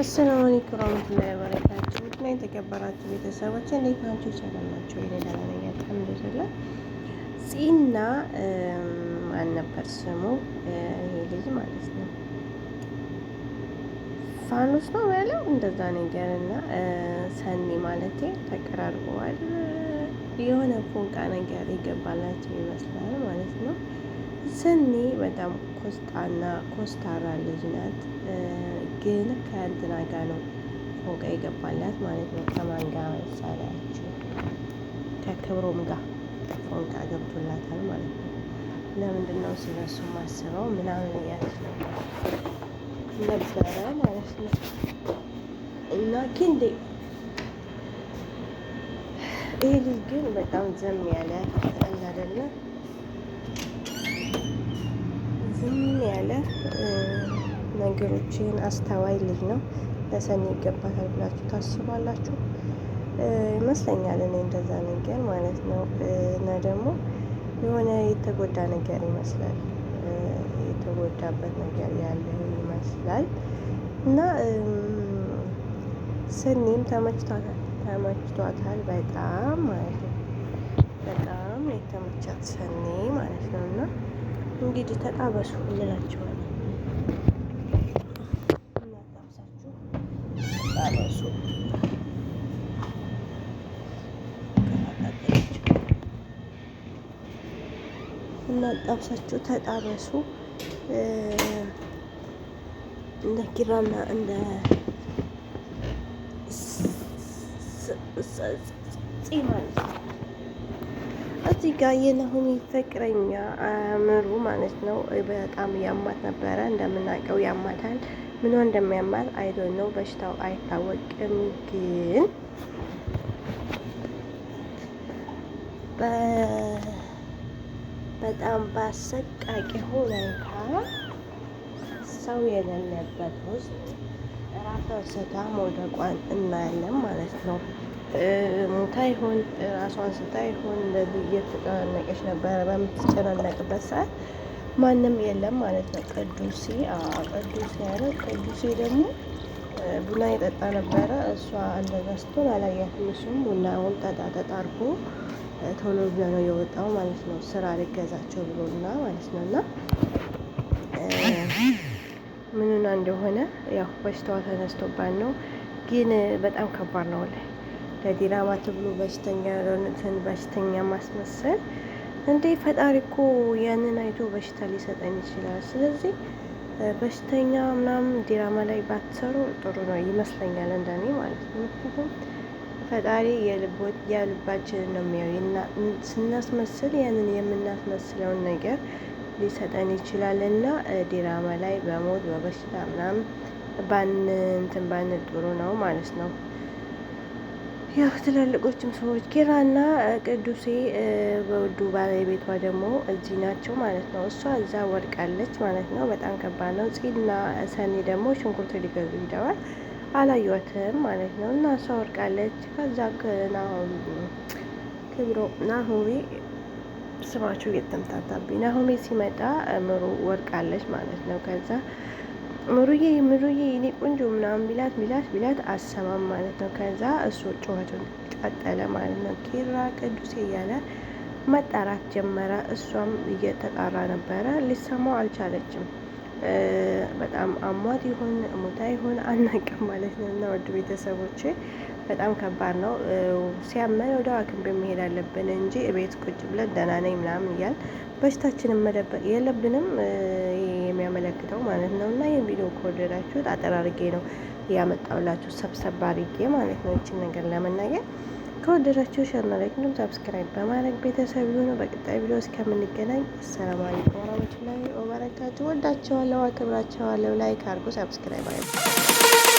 አሰላሙ አለይኩም ወራህመቱላሂ ወበረካቱ። እና የተከበራችሁ ቤተሰቦች እንዴት ናችሁ? ሰላም ናችሁ? የሌላ ነገር አልሐምዱሊላህ። ጺና ማን ነበር ስሙ? ይሄ ልጅ ማለት ነው ፋኖስ ነው ያለው እንደዛ ነገር እና ሰኒ ማለቴ ተቀራርበዋል። የሆነ ፎንቃ ነገር ይገባላቸው ይመስላል ማለት ነው። ሰኒ በጣም ኮስጣና ኮስታራ ልጅ ናት። ግን ከእንትና ጋር ነው ፎቃ ይገባላት ማለት ነው። ከማን ጋር ይሳላችሁ? ከክብሮም ጋር ፎቃ ገብቶላታል ማለት ነው። ለምንድን ነው ስለሱ ማስበው ምናምን እያለች ነበረ ማለት ነው። እና ኪንዴ ይሄ ልጅ ግን በጣም ዘም ያለ አይደለ? ዝም ያለ ነገሮችን አስተዋይ ልጅ ነው። ለሰኔ ይገባታል ብላችሁ ታስባላችሁ ይመስለኛል። እኔ እንደዛ ነገር ማለት ነው። እና ደግሞ የሆነ የተጎዳ ነገር ይመስላል፣ የተጎዳበት ነገር ያለ ይመስላል። እና ሰኔም ተመችቷታል ተመችቷታል በጣም ማለት ነው። በጣም የተመቻት ሰኔ ማለት ነው። እና እንግዲህ ተጣበሱ እንላቸዋለን። ጣለሱ እናንተ አብሳችሁ ተጣበሱ። እንደ ኪራና እንደ ጽ ማለት ነው። እዚህ ጋር የናሁም ፍቅረኛ ምሩ ማለት ነው በጣም ያማት ነበረ። እንደምናውቀው ያማታል። ምኗ እንደሚያማት አይዶ ነው በሽታው አይታወቅም ግን በጣም በአሰቃቂ ሁኔታ ሰው የሌለበት ውስጥ ራሷን ስታ መውደቋን እናያለን ማለት ነው። ሙታ ይሁን ራሷን ስታ ይሁን እንደዚህ እየተጨናነቀች ነበረ። በምትጨናነቅበት ሰዓት ማንም የለም ማለት ነው። ቅዱሴ ቅዱሴ ያለ ቅዱሴ ደግሞ ቡና የጠጣ ነበረ። እሷ እንደዛ ስትሆን አላያትም። እሱም ቡናውን ጠጣ ጠጣ ቶሎ ብሎ ነው የወጣው ማለት ነው። ስራ ልገዛቸው ብሎና ማለት ነው እና ምኑና እንደሆነ ያው በሽታዋ ተነስቶባት ነው። ግን በጣም ከባድ ነው ላይ ለዲራማ ተብሎ በሽተኛ ያልሆነትን በሽተኛ ማስመሰል እንዴ! ፈጣሪ እኮ ያንን አይቶ በሽታ ሊሰጠን ይችላል። ስለዚህ በሽተኛ ምናምን ዲራማ ላይ ባትሰሩ ጥሩ ነው ይመስለኛል፣ እንደኔ ማለት ነው። ምክንያቱም ፈጣሪ የልባችንን ነው የሚያው። ስናስመስል ያንን የምናስመስለውን ነገር ሊሰጠን ይችላል እና ዲራማ ላይ በሞት በበሽታ ምናምን ባን ባንል ጥሩ ነው ማለት ነው። ያው ትላልቆችም ሰዎች ኪራና ቅዱሴ በውዱ ባለቤቷ ደግሞ እዚህ ናቸው ማለት ነው። እሷ እዛ ወድቃለች ማለት ነው። በጣም ከባድ ነው። ጺና ሰኒ ደግሞ ሽንኩርት ሊገዙ ሂደዋል። አላዩትም ማለት ነው። እና እሷ ወድቃለች። ከዛ ክብሮ ናሆሜ ስማችሁ እየተምታታብኝ ናሆሜ ሲመጣ ምሩ ወድቃለች ማለት ነው። ከዛ ምሩዬ ምሩዬ እኔ ምናምን ቢላት ቢላት ቢላት አሰማም ማለት ነው። ከዛ እሱ ጩኸቱን ቀጠለ ማለት ነው። ኪራ ቅዱሴ እያለ መጣራት ጀመረ። እሷም እየተጣራ ነበረ፣ ሊሰማው አልቻለችም። በጣም አሟት ይሁን ሙታ ይሁን አናውቅም ማለት ነው። እና ወድ ቤተሰቦቼ በጣም ከባድ ነው። ሲያመን ወደ ሐኪም ቤት መሄድ አለብን እንጂ ቤት ቁጭ ብለን ደህና ነኝ ምናምን እያል በሽታችንን መደበቅ የለብንም። የሚያመለክተው ማለት ነው። እና ይህን ቪዲዮ ከወደዳችሁት አጠር አድርጌ ነው ያመጣውላችሁ ሰብሰብ አድርጌ ማለት ነው ይችን ነገር ለመናገር ከወደዳችሁ ሸርናላይ እንዲሁም ሰብስክራይብ በማድረግ ቤተሰብ ይሁኑ። በቀጣይ ቪዲዮ እስከምንገናኝ አሰላሙ አለይኩም ወራህመቱላሂ ወበረካቱ። ወዳችኋለሁ፣ አክብራችኋለሁ። ላይክ አድርጉ፣ ሰብስክራይብ አድርጉ።